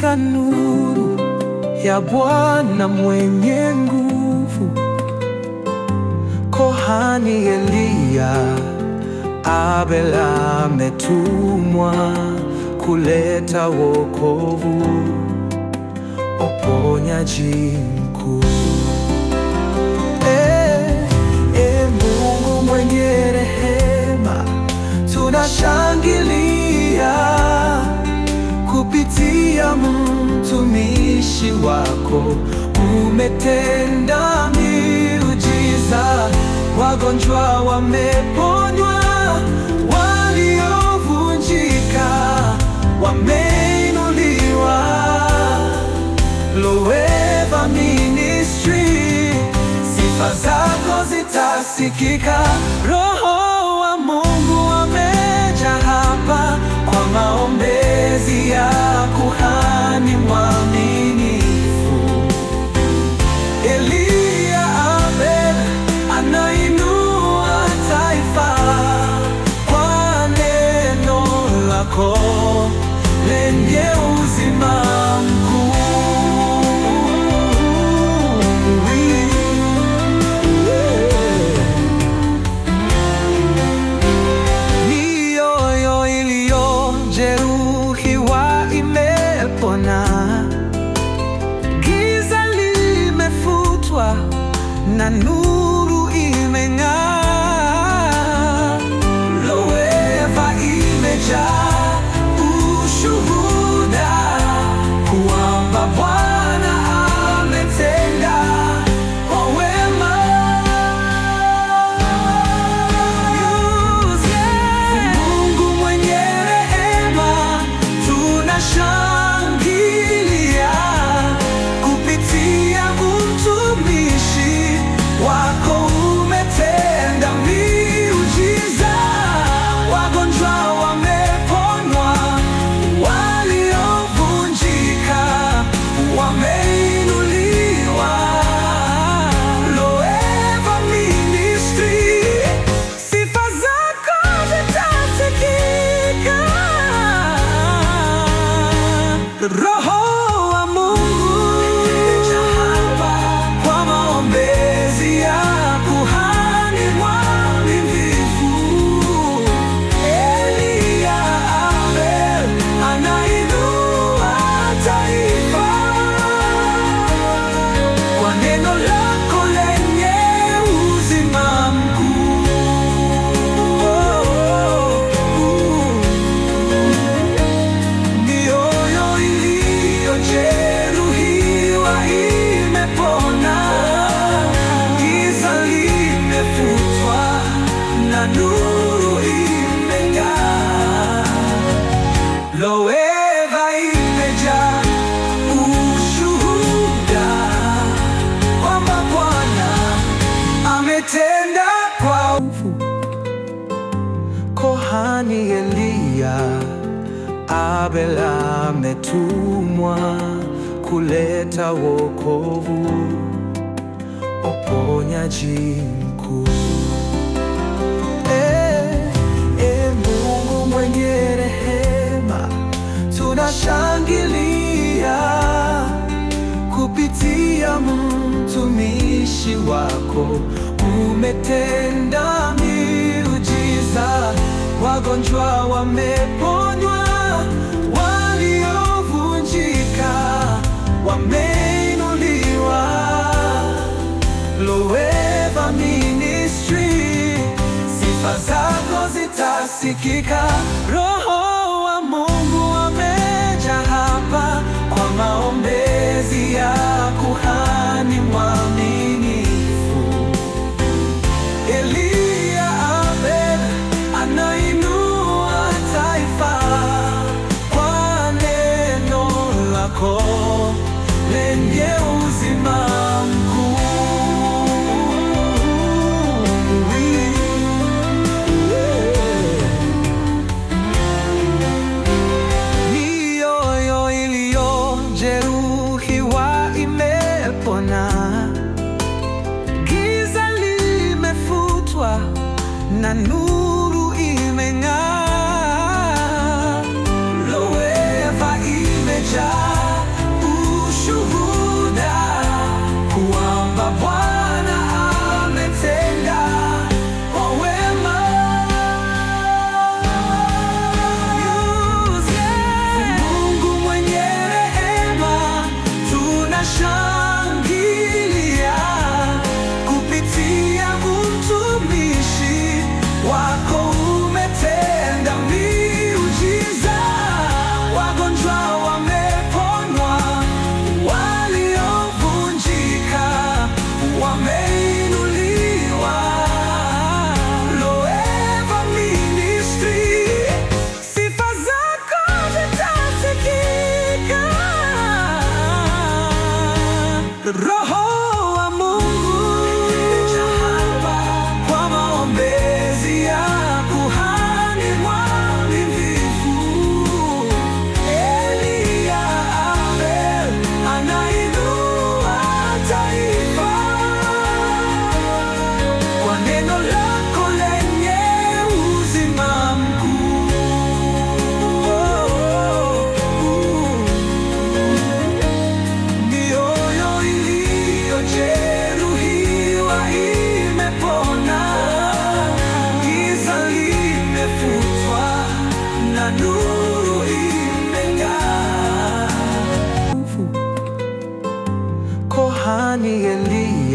katika nuru ya Bwana mwenye nguvu. Kohani Eliya Abel ametumwa kuleta wokovu, uponyaji mkuu. Hey, eh, eh, hey, Mungu mwenye rehema tunashangilia kupitia mtumishi wako umetenda miujiza, wagonjwa wameponywa, waliovunjika wameinuliwa. Loeva Ministry, sifa zako zitasikika roho I know Abel ametumwa kuleta wokovu, uponyaji mkuu. Hey, eh, eh, hey, Mungu mwenye rehema, tunashangilia kupitia mtumishi wako, umetenda miujiza, wagonjwa wamepona dakika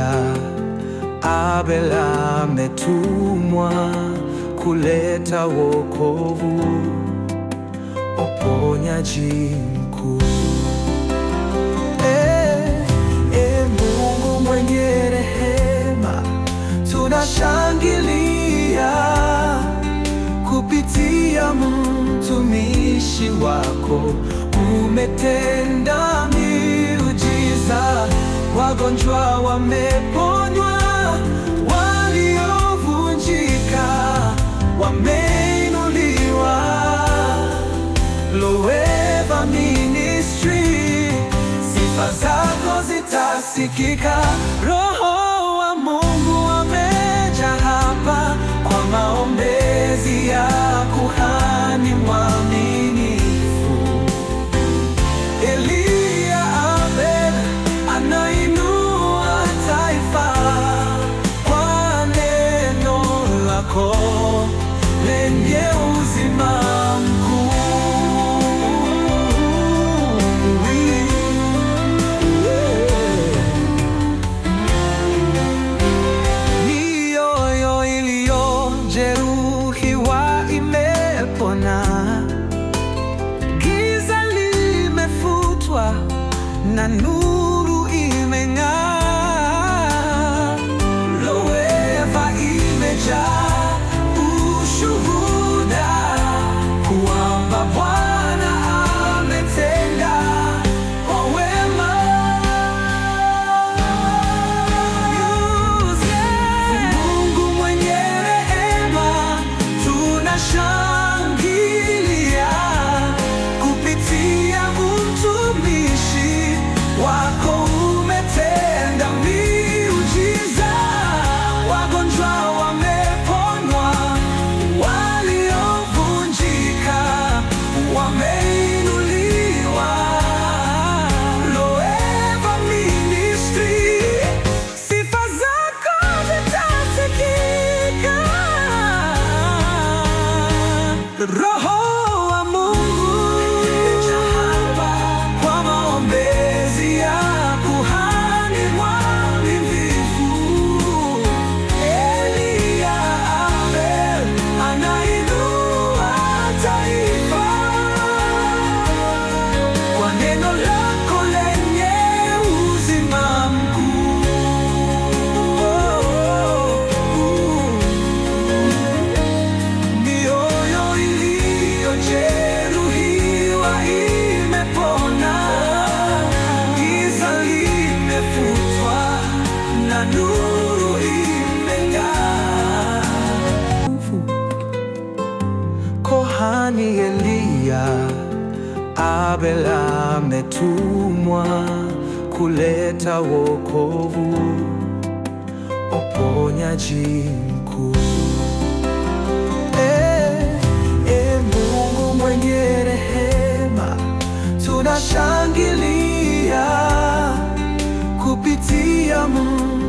kuja. Abel ametumwa kuleta wokovu, uponyaji mkuu. E, eh, e, eh, Mungu mwenye rehema, tunashangilia kupitia mtumishi wako umetenda wagonjwa wameponywa, waliovunjika wameinuliwa. Loeva Ministry, sifa zako zitasikika Roho Abel ametumwa kuleta wokovu, oponya mkuu. Hey, eh, eh, hey, Mungu mwenye rehema, tunashangilia kupitia Mungu